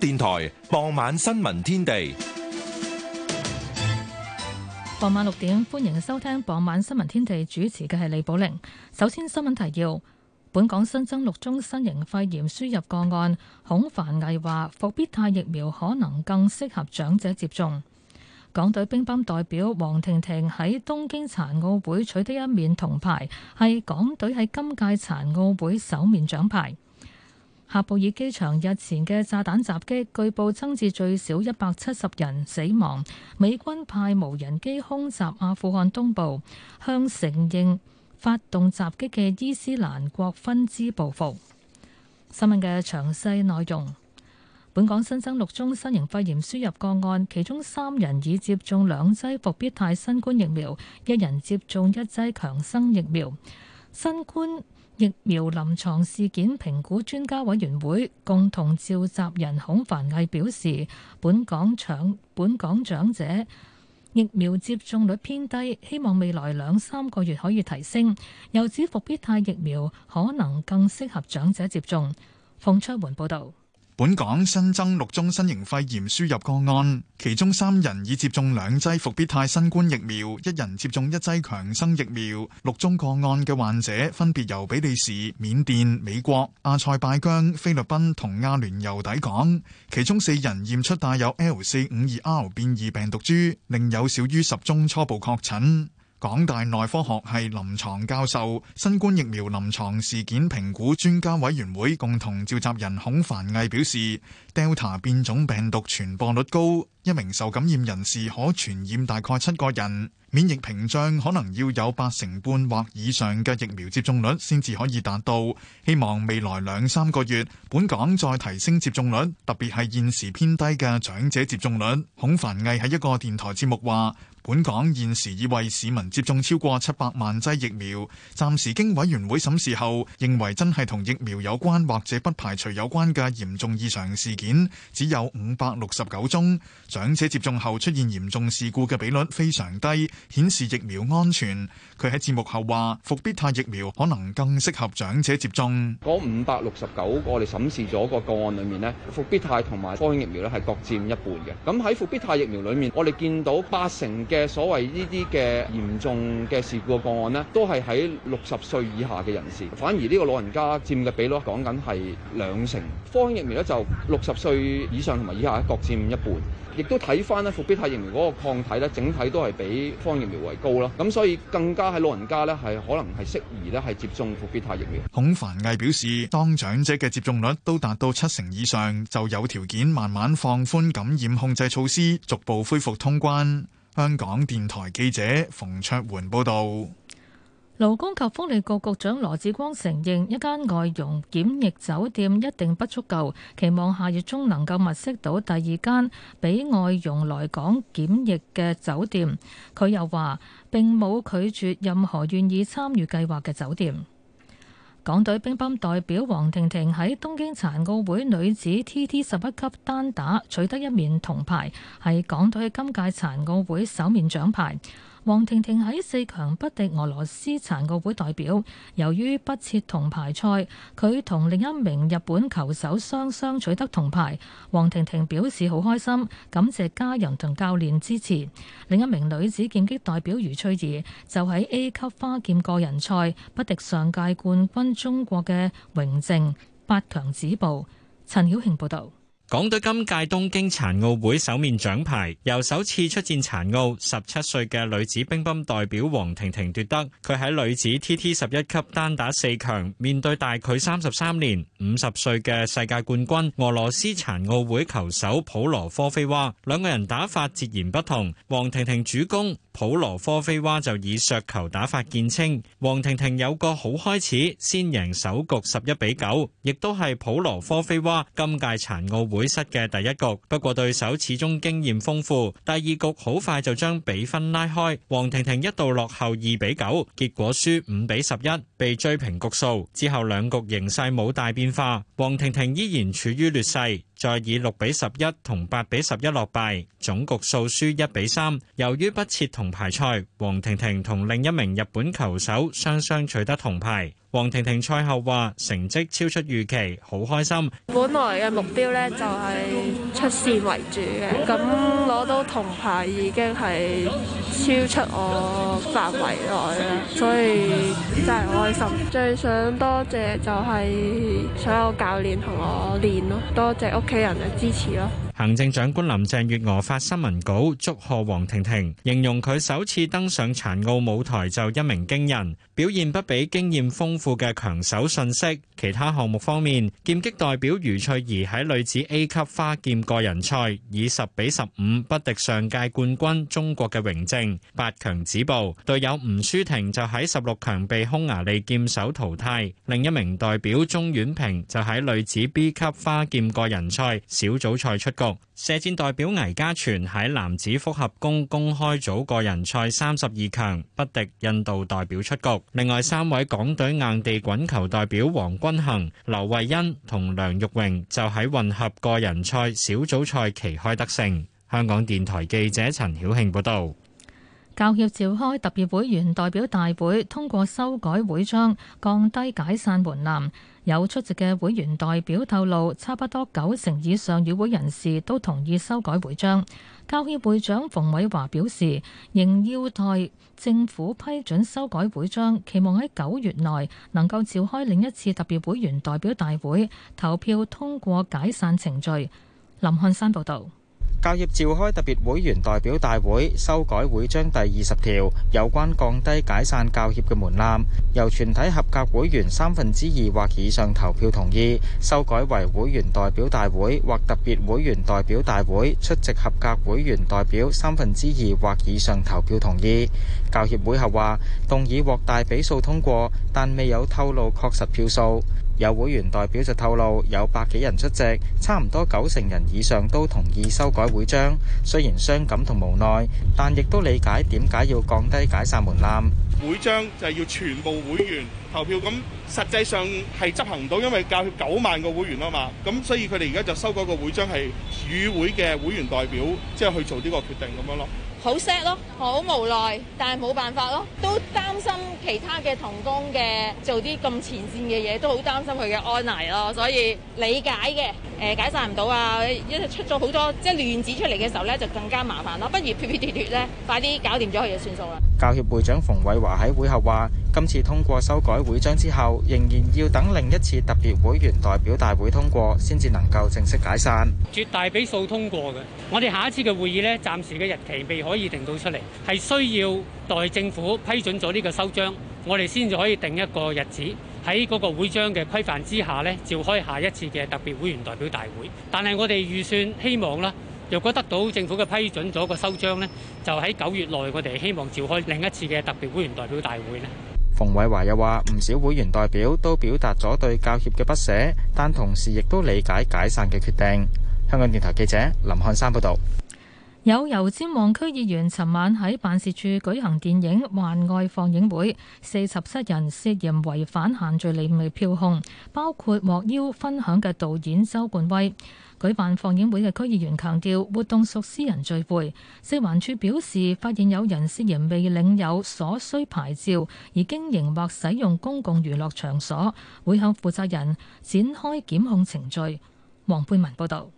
電台傍晚新聞天地，傍晚六點，歡迎收聽傍晚新聞天地，主持嘅係李寶玲。首先新聞提要，本港新增六宗新型肺炎輸入個案。孔繁毅話，復必泰疫苗可能更適合長者接種。港隊乒乓代表黃婷婷喺東京殘奧會取得一面銅牌，係港隊喺今屆殘奧會首面獎牌。喀布爾機場日前嘅炸彈襲擊，據報增至最少一百七十人死亡。美軍派無人機空襲阿富汗東部，向承認發動襲擊嘅伊斯蘭國分支報復。新聞嘅詳細內容：本港新增六宗新型肺炎輸入個案，其中三人已接種兩劑復必泰新冠疫苗，一人接種一劑強生疫苗。新冠疫苗臨床事件評估專家委員會共同召集人孔凡毅表示，本港長本港長者疫苗接種率偏低，希望未來兩三個月可以提升。又指復必泰疫苗可能更適合長者接種。馮卓桓報導。本港新增六宗新型肺炎輸入個案，其中三人已接種兩劑復必泰新冠疫苗，一人接種一劑強生疫苗。六宗個案嘅患者分別由比利時、緬甸、美國、阿塞拜疆、菲律賓同阿聯酋抵港，其中四人驗出帶有 L 四五二 R 變異病毒株，另有少於十宗初步確診。港大內科學系臨床教授、新冠疫苗臨床事件評估專家委員會共同召集人孔凡毅表示。Delta 變種病毒傳播率高，一名受感染人士可傳染大概七個人。免疫屏障可能要有八成半或以上嘅疫苗接種率先至可以達到。希望未來兩三個月，本港再提升接種率，特別係現時偏低嘅長者接種率。孔繁毅喺一個電台節目話：本港現時已為市民接種超過七百萬劑疫苗，暫時經委員會審視後，認為真係同疫苗有關，或者不排除有關嘅嚴重異常事。件只有五百六十九宗，長者接種後出現嚴重事故嘅比率非常低，顯示疫苗安全。佢喺節目後話，復必泰疫苗可能更適合長者接種。嗰五百六十九個我哋審視咗個個案裏面呢，復必泰同埋科興疫苗呢係各佔一半嘅。咁喺復必泰疫苗裏面，我哋見到八成嘅所謂呢啲嘅嚴重嘅事故個案呢，都係喺六十歲以下嘅人士，反而呢個老人家佔嘅比率講緊係兩成。科興疫苗呢就六十。十歲以上同埋以下各佔一半，亦都睇返呢，復必泰疫苗嗰個抗體呢，整體都係比方疫苗為高啦。咁所以更加喺老人家呢係可能係適宜呢係接種復必泰疫苗。孔繁毅表示，當長者嘅接種率都達到七成以上，就有條件慢慢放寬感染控制措施，逐步恢復通關。香港電台記者馮卓媛報道。勞工及福利局局長羅志光承認，一間外傭檢疫酒店一定不足夠，期望下月中能夠物色到第二間俾外傭來港檢疫嘅酒店。佢又話，並冇拒絕任何願意參與計劃嘅酒店。港隊乒乓代表黃婷婷喺東京殘奧會女子 TT 十一級單打取得一面銅牌，係港隊今屆殘奧會首面獎牌。王婷婷喺四強不敵俄羅斯殘奧會代表，由於不設銅牌賽，佢同另一名日本球手雙雙取得銅牌。王婷婷表示好開心，感謝家人同教練支持。另一名女子劍擊代表余翠怡就喺 A 級花劍個人賽不敵上屆冠軍中國嘅榮靜，八強止步。陳曉慶報道。港隊今屆東京殘奧會首面獎牌由首次出戰殘奧十七歲嘅女子乒乓代表黃婷婷奪得。佢喺女子 TT 十一級單打四強，面對大佢三十三年五十歲嘅世界冠軍俄羅斯殘奧會球手普羅科菲娃，兩個人打法截然不同。黃婷婷主攻，普羅科菲娃就以削球打法見稱。黃婷婷有個好開始，先贏首局十一比九，亦都係普羅科菲娃今屆殘奧會。會失嘅第一局，不過對手始終經驗豐富。第二局好快就將比分拉開，黃婷婷一度落後二比九，結果輸五比十一，被追平局數。之後兩局形勢冇大變化，黃婷婷依然處於劣勢，再以六比十一同八比十一落敗，總局數輸一比三。由於不設銅牌賽，黃婷婷同另一名日本球手雙雙取得銅牌。王婷婷賽後話：成績超出預期，好開心。本來嘅目標咧就係出線為主嘅，咁攞到銅牌已經係超出我範圍內啦，所以真係開心。最想多謝就係所有教練同我練咯，多謝屋企人嘅支持咯。行政長官林鄭月娥發新聞稿，祝賀王婷婷，形容佢首次登上殘奧舞台就一鳴驚人，表現不比經驗豐富嘅強手遜色。其他項目方面，劍擊代表余翠怡喺女子 A 級花劍個人賽以十比十五不敵上屆冠軍中國嘅榮政，八強止步。隊友吳舒婷就喺十六強被匈牙利劍手淘汰。另一名代表鍾婉萍就喺女子 B 級花劍個人賽小組賽出局。射箭代表倪家全喺男子複合弓公，公開組個人賽三十二強，不敵印度代表出局。另外三位港隊硬地滾球代表黃君恒、劉慧茵同梁育榮就喺混合個人賽小組賽旗開得勝。香港電台記者陳曉慶報道。教協召開特別會員代表大會，通過修改會章，降低解散門檻。有出席嘅會員代表透露，差不多九成以上與會人士都同意修改會章。教協會長馮偉華表示，仍要待政府批准修改會章，期望喺九月內能夠召開另一次特別會員代表大會，投票通過解散程序。林漢山報導。教協召開特別會員代表大會，修改會章第二十條，有關降低解散教協嘅門檻，由全體合格會員三分之二或以上投票同意，修改為會員代表大會或特別會員代表大會出席合格會員代表三分之二或以上投票同意。教協會後話，動議獲大比數通過，但未有透露確實票數。有會員代表就透露，有百幾人出席，差唔多九成人以上都同意修改會章。雖然傷感同無奈，但亦都理解點解要降低解散門檻。會章就係要全部會員投票，咁實際上係執行唔到，因為教協九萬個會員啊嘛，咁所以佢哋而家就修改個會章，係與會嘅會員代表即係、就是、去做呢個決定咁樣咯。好 sad 咯，好無奈，但係冇辦法咯，都擔心其他嘅同工嘅做啲咁前線嘅嘢，都好擔心佢嘅安危咯。所以理解嘅，誒解散唔到啊！一出咗好多即係亂子出嚟嘅時候咧，就更加麻煩咯。不如撇撇脫脫咧，快啲搞掂咗佢就算數啦。教協會長馮偉華喺會後話：今次通過修改會章之後，仍然要等另一次特別會員代表大會通過，先至能夠正式解散。絕大比數通過嘅，我哋下一次嘅會議咧，暫時嘅日期未可可以定到出嚟，係需要待政府批准咗呢個收章，我哋先至可以定一個日子，喺嗰個會章嘅規範之下呢，召開下一次嘅特別會員代表大會。但係我哋預算希望啦，若果得到政府嘅批准咗個收章呢，就喺九月內我哋希望召開另一次嘅特別會員代表大會呢。馮偉華又話：唔少會員代表都表達咗對教協嘅不捨，但同時亦都理解解散嘅決定。香港電台記者林漢山報道。有油尖旺區議員尋晚喺辦事處舉行電影幻愛放映會，四十七人涉嫌違反限聚令未票控，包括獲邀分享嘅導演周冠威。舉辦放映會嘅區議員強調活動屬私人聚會，食環署表示，發現有人涉嫌未領有所需牌照而經營或使用公共娛樂場所，會向負責人展開檢控程序。黃佩文報道。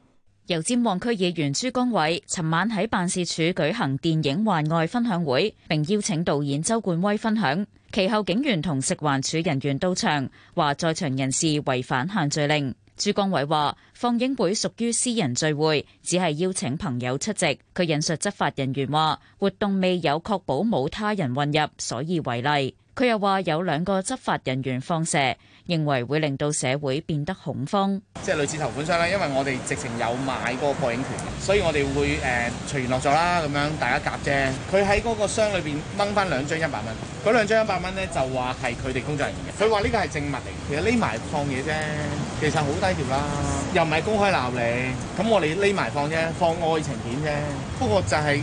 油尖旺區議員朱江偉尋晚喺辦事處舉行電影幻愛分享會，並邀請導演周冠威分享。其後警員同食環署人員到場，話在場人士違反限聚令。朱江偉話：放映會屬於私人聚會，只係邀請朋友出席。佢引述執法人員話，活動未有確保冇他人混入，所以違例。佢又話有兩個執法人員放射，認為會令到社會變得恐慌。即係類似投盤商啦，因為我哋直情有買過播映權，所以我哋會誒隨緣落咗啦，咁樣大家夾啫。佢喺嗰個箱裏邊掹翻兩張一百蚊，嗰兩張一百蚊咧就話係佢哋工作人員嘅。佢話呢個係證物嚟，其實匿埋放嘢啫，其實好低調啦。又唔係公開鬧你，咁我哋匿埋放啫，放愛情片啫。不過就係。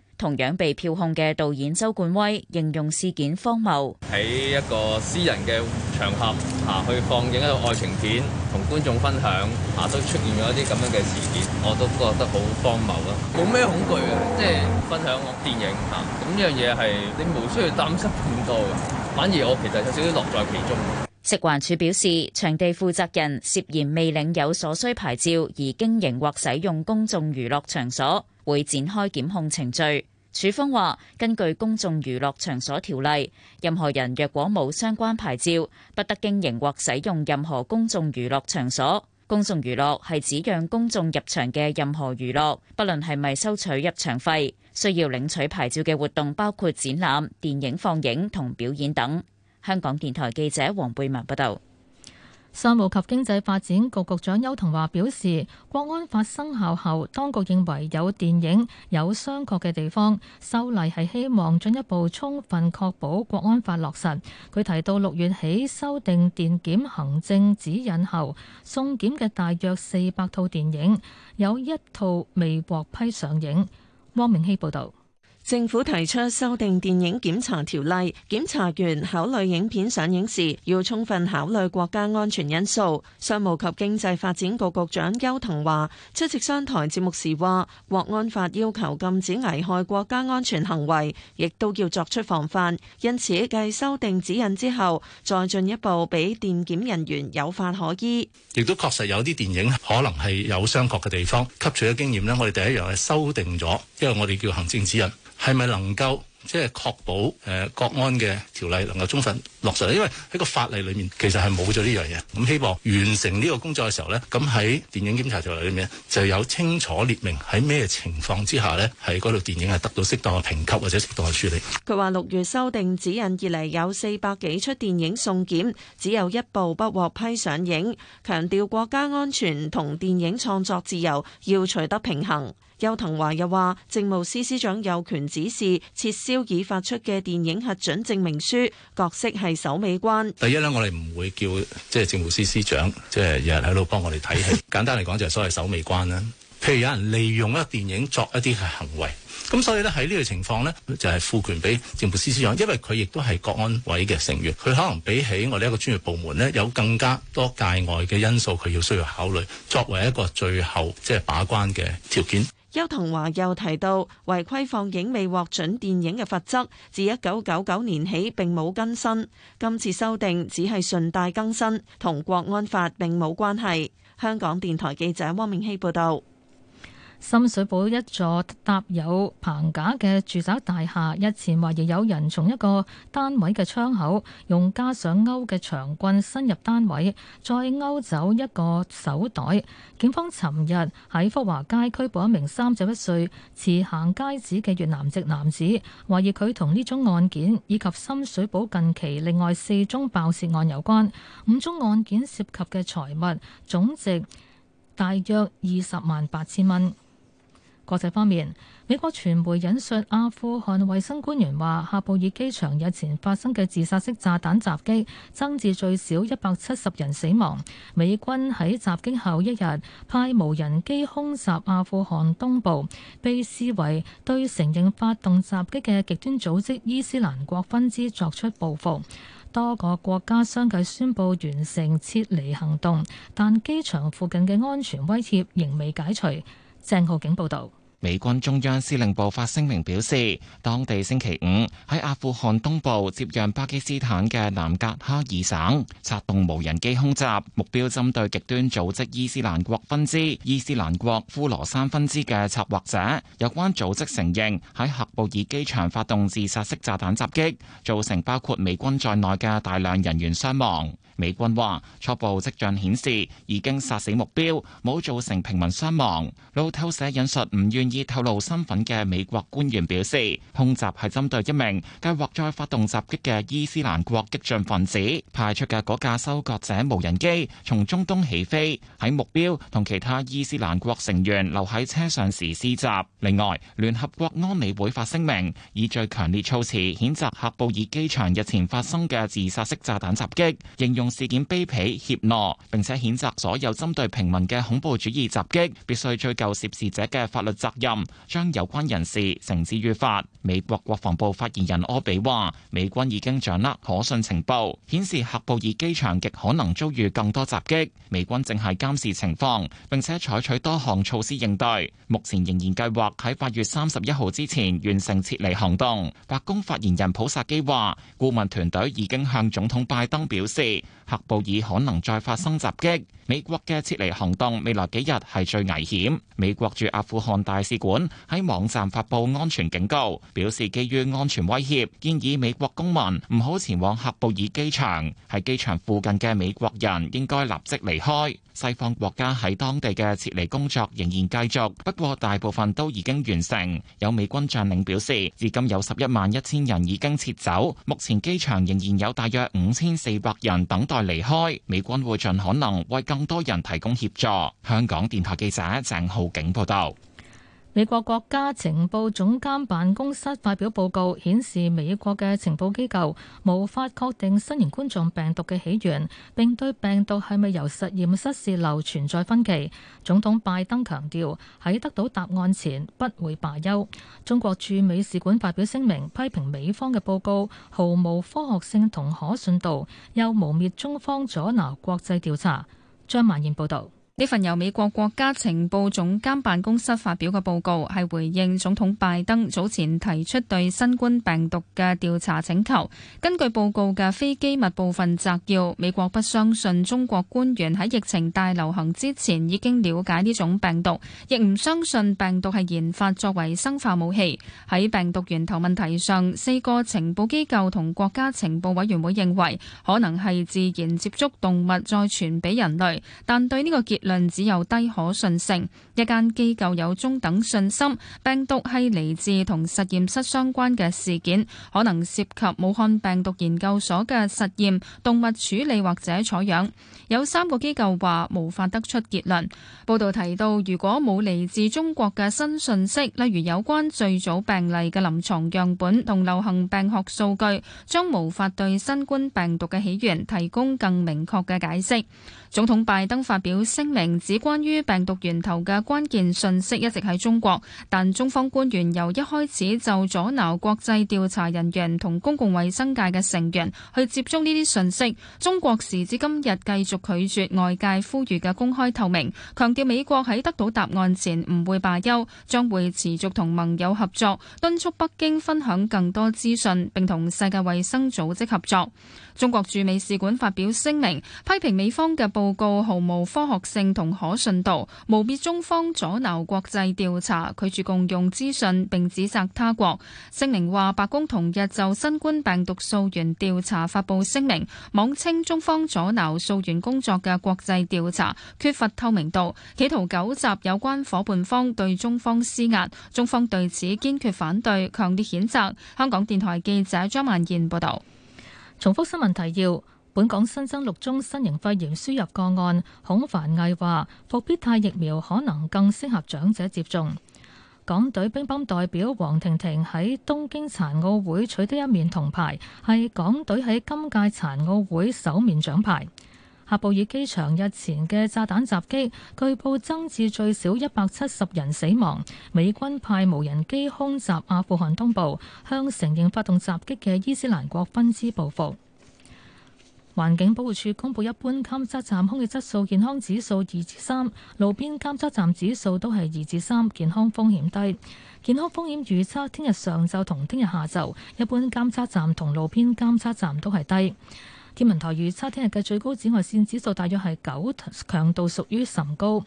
同樣被票控嘅導演周冠威形容事件荒謬，喺一個私人嘅場合嚇、啊、去放映一個愛情片，同觀眾分享嚇、啊、都出現咗一啲咁樣嘅事件，我都覺得好荒謬啊，冇咩恐懼啊，即係分享我電影嚇，咁樣嘢係你無需要擔心咁多嘅，反而我其實有少少樂在其中。食環署表示，場地負責人涉嫌未領有所需牌照而經營或使用公眾娛樂場所，會展開檢控程序。署方話：根據《公眾娛樂場所條例》，任何人若果冇相關牌照，不得經營或使用任何公眾娛樂場所。公眾娛樂係指讓公眾入場嘅任何娛樂，不論係咪收取入場費，需要領取牌照嘅活動包括展覽、電影放映同表演等。香港電台記者黃貝文報道。商務及經濟發展局局長邱騰華表示，國安法生效後，當局認為有電影有商榷嘅地方，修例係希望進一步充分確保國安法落實。佢提到六月起修訂電檢行政指引後，送檢嘅大約四百套電影，有一套未獲批上映。汪明希報導。政府提出修訂電影檢查條例，檢查員考慮影片上映時要充分考慮國家安全因素。商務及經濟發展局局長邱騰華出席商台節目時話，國安法要求禁止危害國家安全行為，亦都要作出防範。因此，繼修訂指引之後，再進一步俾電檢人員有法可依。亦都確實有啲電影可能係有商榷嘅地方，吸取咗經驗咧。我哋第一樣係修訂咗，因為我哋叫行政指引。係咪能夠即係確保誒、呃、國安嘅條例能夠充分落實？因為喺個法例裏面其實係冇咗呢樣嘢。咁希望完成呢個工作嘅時候呢，咁喺電影檢查條例裏面就有清楚列明，喺咩情況之下呢，喺嗰度電影係得到適當嘅評級或者適當嘅處理。佢話六月修訂指引以嚟有四百幾出電影送檢，只有一部不獲批上映，強調國家安全同電影創作自由要取得平衡。邱騰華又話：政務司司長有權指示撤銷已發出嘅電影核准證明書，角色係首尾關。第一呢，我哋唔會叫即係、就是、政務司司長即係、就是、日日喺度幫我哋睇戲。 簡單嚟講，就係所謂首尾關啦。譬如有人利用一個電影作一啲行為，咁所以呢，喺呢個情況呢，就係、是、賦權俾政務司司長，因為佢亦都係國安委嘅成員，佢可能比起我哋一個專業部門呢，有更加多界外嘅因素，佢要需要考慮，作為一個最後即係、就是、把關嘅條件。邱騰華又提到，違規放映未獲准電影嘅罰則，自一九九九年起並冇更新，今次修訂只係順帶更新，同國安法並冇關係。香港電台記者汪明希報導。深水埗一座搭有棚架嘅住宅大廈，日前懷疑有人從一個單位嘅窗口用加上勾嘅長棍伸入單位，再勾走一個手袋。警方尋日喺福華街拘捕一名三十一歲持行街紙嘅越南籍男子，懷疑佢同呢宗案件以及深水埗近期另外四宗爆竊案有關，五宗案件涉及嘅財物總值大約二十萬八千蚊。國際方面，美國傳媒引述阿富汗衛生官員話，喀布爾機場日前發生嘅自殺式炸彈襲擊，增至最少一百七十人死亡。美軍喺襲擊後一日派無人機空襲阿富汗東部，被視為對承認發動襲擊嘅極端組織伊斯蘭國分支作出報復。多個國家相繼宣布完成撤離行動，但機場附近嘅安全威脅仍未解除。鄭浩景報導。美軍中央司令部發聲明表示，當地星期五喺阿富汗東部，接壤巴基斯坦嘅南格哈爾省策動無人機空襲，目標針對極端組織伊斯蘭國分支伊斯蘭國呼羅山分支嘅策劃者。有關組織承認喺喀布爾機場發動自殺式炸彈襲擊，造成包括美軍在內嘅大量人員傷亡。美軍話初步跡象顯示，已經殺死目標，冇造成平民傷亡。路透社引述唔願意透露身份嘅美國官員表示，空襲係針對一名計劃再發動襲擊嘅伊斯蘭國激進分子派出，嘅嗰架收割者無人機，從中東起飛，喺目標同其他伊斯蘭國成員留喺車上時施襲。另外，聯合國安理會發聲明，以最強烈措辭譴責喀布爾機場日前發生嘅自殺式炸彈襲擊，形容事件卑鄙、怯懦，並且譴責所有針對平民嘅恐怖主義襲擊，必須追究涉事者嘅法律責任，將有關人士繩之於法。美國國防部發言人柯比話，美軍已經掌握可信情報顯示，喀布爾機場極可能遭遇更多襲擊，美軍正係監視情況，並且採取多項措施應對，目前仍然計劃喺八月三十一號之前完成撤離行動。白宮發言人普薩基話，顧問團隊已經向總統拜登表示。喀布爾可能再發生襲擊，美國嘅撤離行動未來幾日係最危險。美國駐阿富汗大使館喺網站發布安全警告，表示基於安全威脅，建議美國公民唔好前往喀布爾機場。喺機場附近嘅美國人應該立即離開。西方國家喺當地嘅撤離工作仍然繼續，不過大部分都已經完成。有美軍將領表示，至今有十一萬一千人已經撤走，目前機場仍然有大約五千四百人等待離開，美軍會盡可能為更多人提供協助。香港電台記者鄭浩景報道。美國國家情報總監辦公室發表報告，顯示美國嘅情報機構無法確定新型冠狀病毒嘅起源，並對病毒係咪由實驗室洩漏存在分歧。總統拜登強調喺得到答案前不會罷休。中國駐美使館發表聲明，批評美方嘅報告毫無科學性同可信度，又誣衊中方阻撓國際調查。張曼燕報道。呢份由美國國家情報總監辦公室發表嘅報告，係回應總統拜登早前提出對新冠病毒嘅調查請求。根據報告嘅非機密部分摘要，美國不相信中國官員喺疫情大流行之前已經了解呢種病毒，亦唔相信病毒係研發作為生化武器。喺病毒源頭問題上，四個情報機構同國家情報委員會認為，可能係自然接觸動物再傳俾人類，但對呢個結論只有低可信性，一間機構有中等信心。病毒係嚟自同實驗室相關嘅事件，可能涉及武漢病毒研究所嘅實驗、動物處理或者採樣。有三個機構話無法得出結論。報道提到，如果冇嚟自中國嘅新信息，例如有關最早病例嘅臨床樣本同流行病學數據，將無法對新冠病毒嘅起源提供更明確嘅解釋。總統拜登發表聲明指關於病毒源頭嘅關鍵信息一直喺中國，但中方官員由一開始就阻撓國際調查人員同公共衛生界嘅成員去接觸呢啲信息。中國時至今日繼續拒絕外界呼籲嘅公開透明，強調美國喺得到答案前唔會罷休，將會持續同盟友合作，敦促北京分享更多資訊，並同世界衛生組織合作。中國駐美使館發表聲明，批評美方嘅報告毫無科學性。認同可信度，誣衊中方阻撓國際調查，拒絕共用資訊，並指責他國。聲明話，白宮同日就新冠病毒溯源調查發佈聲明，妄稱中方阻撓溯源工作嘅國際調查缺乏透明度，企圖糾集有關伙伴方對中方施壓。中方對此堅決反對，強烈譴責。香港電台記者張萬燕報道。重複新聞提要。本港新增六宗新型肺炎輸入個案，孔繁毅話復必泰疫苗可能更適合長者接種。港隊乒乓代表王婷莛喺東京殘奧會取得一面銅牌，係港隊喺今屆殘奧會首面獎牌。喀布爾機場日前嘅炸彈襲擊據報增至最少一百七十人死亡。美軍派無人機空襲阿富汗東部，向承認發動襲擊嘅伊斯蘭國分支報復。環境保護署公布一般監測站空氣質素健康指數二至三，3，路邊監測站指數都係二至三，3，健康風險低。健康風險預測，聽日上晝同聽日下晝，一般監測站同路邊監測站都係低。天文台預測聽日嘅最高紫外線指數大約係九，強度屬於甚高。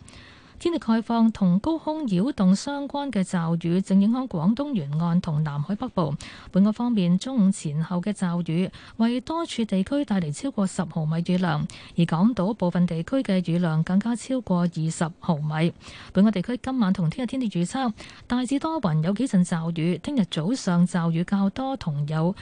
天氣概況，同高空擾動相關嘅驟雨正影響廣東沿岸同南海北部。本港方面，中午前後嘅驟雨為多處地區帶嚟超過十毫米雨量，而港島部分地區嘅雨量更加超過二十毫米。本港地區今晚同聽日天氣預測，大致多雲，有幾陣驟雨。聽日早上驟雨較多，同有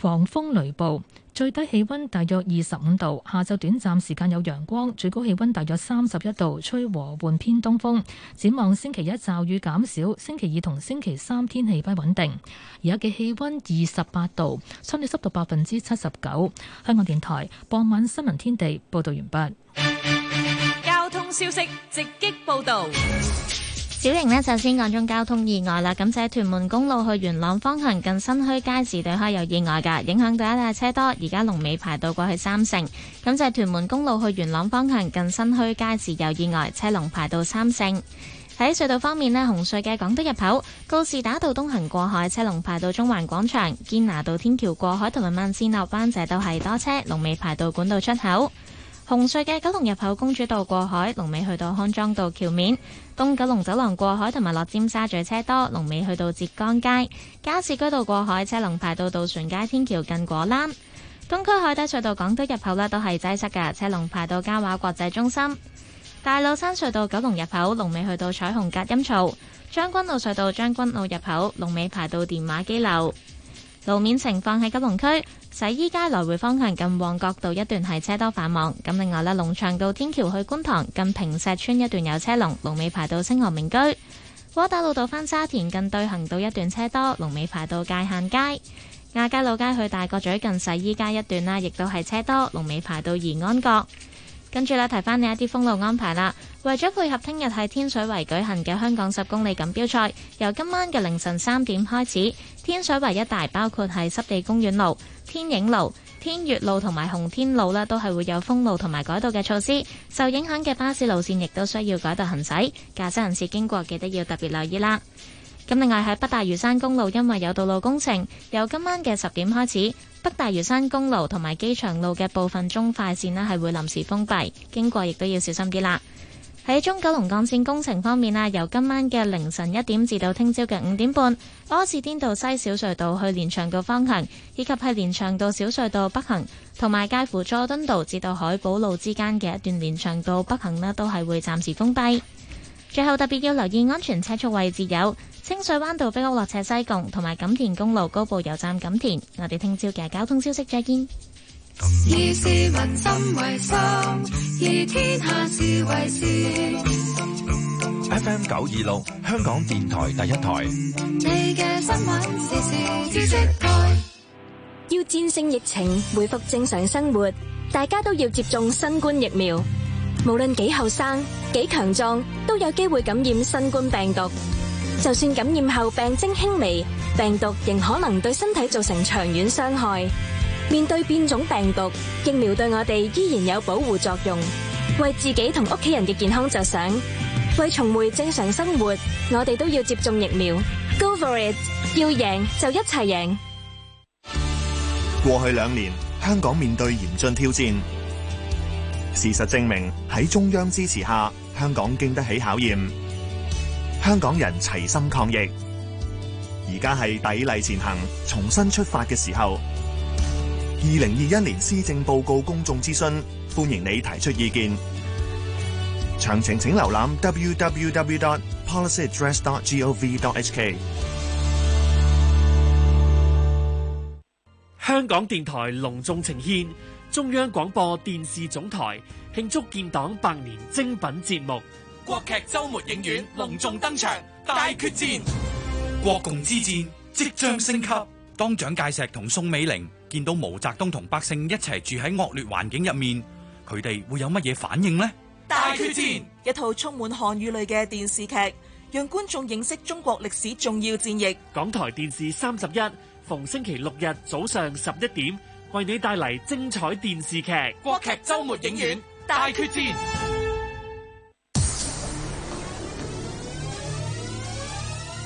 狂風雷暴。最低氣温大約二十五度，下晝短暫時間有陽光，最高氣温大約三十一度，吹和緩偏東風。展望星期一驟雨減少，星期二同星期三天氣不穩定。而家嘅氣温二十八度，相對濕度百分之七十九。香港電台傍晚新聞天地報道完畢。交通消息直擊報道。小型呢就先講中交通意外啦。咁就係屯門公路去元朗方向近新墟街市對開有意外嘅，影響到一架車多。而家龍尾排到過去三聖。咁就係屯門公路去元朗方向近新墟街市有意外，車龍排到三聖。喺隧道方面呢，紅隧嘅港島入口、告士打道東行過海，車龍排到中環廣場、堅拿道天橋過海同埋慢線落班者都係多車，龍尾排到管道出口。紅隧嘅九龍入口，公主道過海，龍尾去到康莊道橋面；東九龍走廊過海同埋落尖沙咀車多，龍尾去到浙江街；加士居道過海車龍排到渡船街天橋近果欄；東區海底隧道港島入口咧都係擠塞嘅，車龍排到嘉華國際中心；大老山隧道九龍入口龍尾去到彩虹隔音槽；將軍澳隧道將軍澳入口龍尾排到電話機樓。路面情況喺九龍區洗衣街來回方向近旺角道一段係車多繁忙，咁另外呢龍翔道天橋去觀塘近平石村一段有車龍，龍尾排到星河明居；窩打老道翻沙田近對行道一段車多，龍尾排到界限街；亞皆老街去大角咀近洗衣街一段啦，亦都係車多，龍尾排到怡安閣。跟住咧，提翻你一啲封路安排啦。為咗配合聽日喺天水圍舉行嘅香港十公里錦標賽，由今晚嘅凌晨三點開始，天水圍一帶包括係濕地公園路、天影路、天悅路同埋紅天路呢，都係會有封路同埋改道嘅措施。受影響嘅巴士路線亦都需要改道行駛，駕駛人士經過記得要特別留意啦。咁另外喺北大嶼山公路，因為有道路工程，由今晚嘅十點開始。北大嶼山公路同埋機場路嘅部分中快線呢，係會臨時封閉，經過亦都要小心啲啦。喺中九龍幹線工程方面啊，由今晚嘅凌晨一點至到聽朝嘅五點半，柯士甸道西小隧道去連翔道方向，以及係連翔道小隧道北行，同埋介乎佐敦道至到海寶路之間嘅一段連翔道北行呢，都係會暫時封閉。最後特別要留意安全車速位置，有清水灣道北歐落斜西貢，同埋錦田公路高埗油站錦田。我哋聽朝嘅交通消息再見。以天下事為事，F M 九二六香港電台第一台。要戰勝疫情，回復正常生活，大家都要接種新冠疫苗。無論幾後生、幾強壯，都有機會感染新冠病毒。就算感染後病徵輕微，病毒仍可能對身體造成長遠傷害。面對變種病毒，疫苗對我哋依然有保護作用。為自己同屋企人嘅健康着想，為重回正常生活，我哋都要接種疫苗。Go for it，要贏就一齊贏。過去兩年，香港面對嚴峻挑戰。事實證明，喺中央支持下，香港經得起考驗。香港人齊心抗疫，而家係砥礪前行、重新出發嘅時候。二零二一年施政報告公眾諮詢，歡迎你提出意見。詳情請瀏覽 www.policyaddress.gov.hk。香港電台隆重呈獻。中央廣播電視總台慶祝建黨百年精品節目《國劇周末影院》隆重登場，《大決戰》國共之戰即將升級。當蔣介石同宋美齡見到毛澤東同百姓一齊住喺惡劣環境入面，佢哋會有乜嘢反應呢？《大決戰》一套充滿汗與淚嘅電視劇，讓觀眾認識中國歷史重要戰役。港台電視三十一，逢星期六日早上十一點。為你帶嚟精彩電視劇，國劇周末影院大決戰，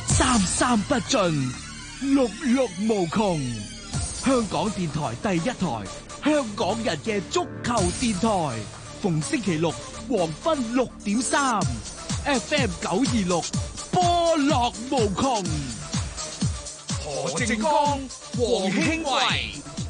三三不盡，六六無窮。香港電台第一台，香港人嘅足球電台，逢星期六黃昏六點三，FM 九二六，波樂無窮。何靜江、黃興偉。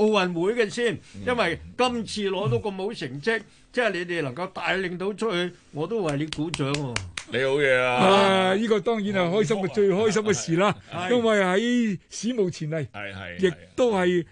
奧運會嘅先，因為今次攞到咁冇成績，嗯、即係你哋能夠帶領到出去，我都為你鼓掌喎、啊。你好嘢啊！呢、 啊呢個當然係開心嘅 最開心嘅事啦， 因為喺史無前例，亦都係。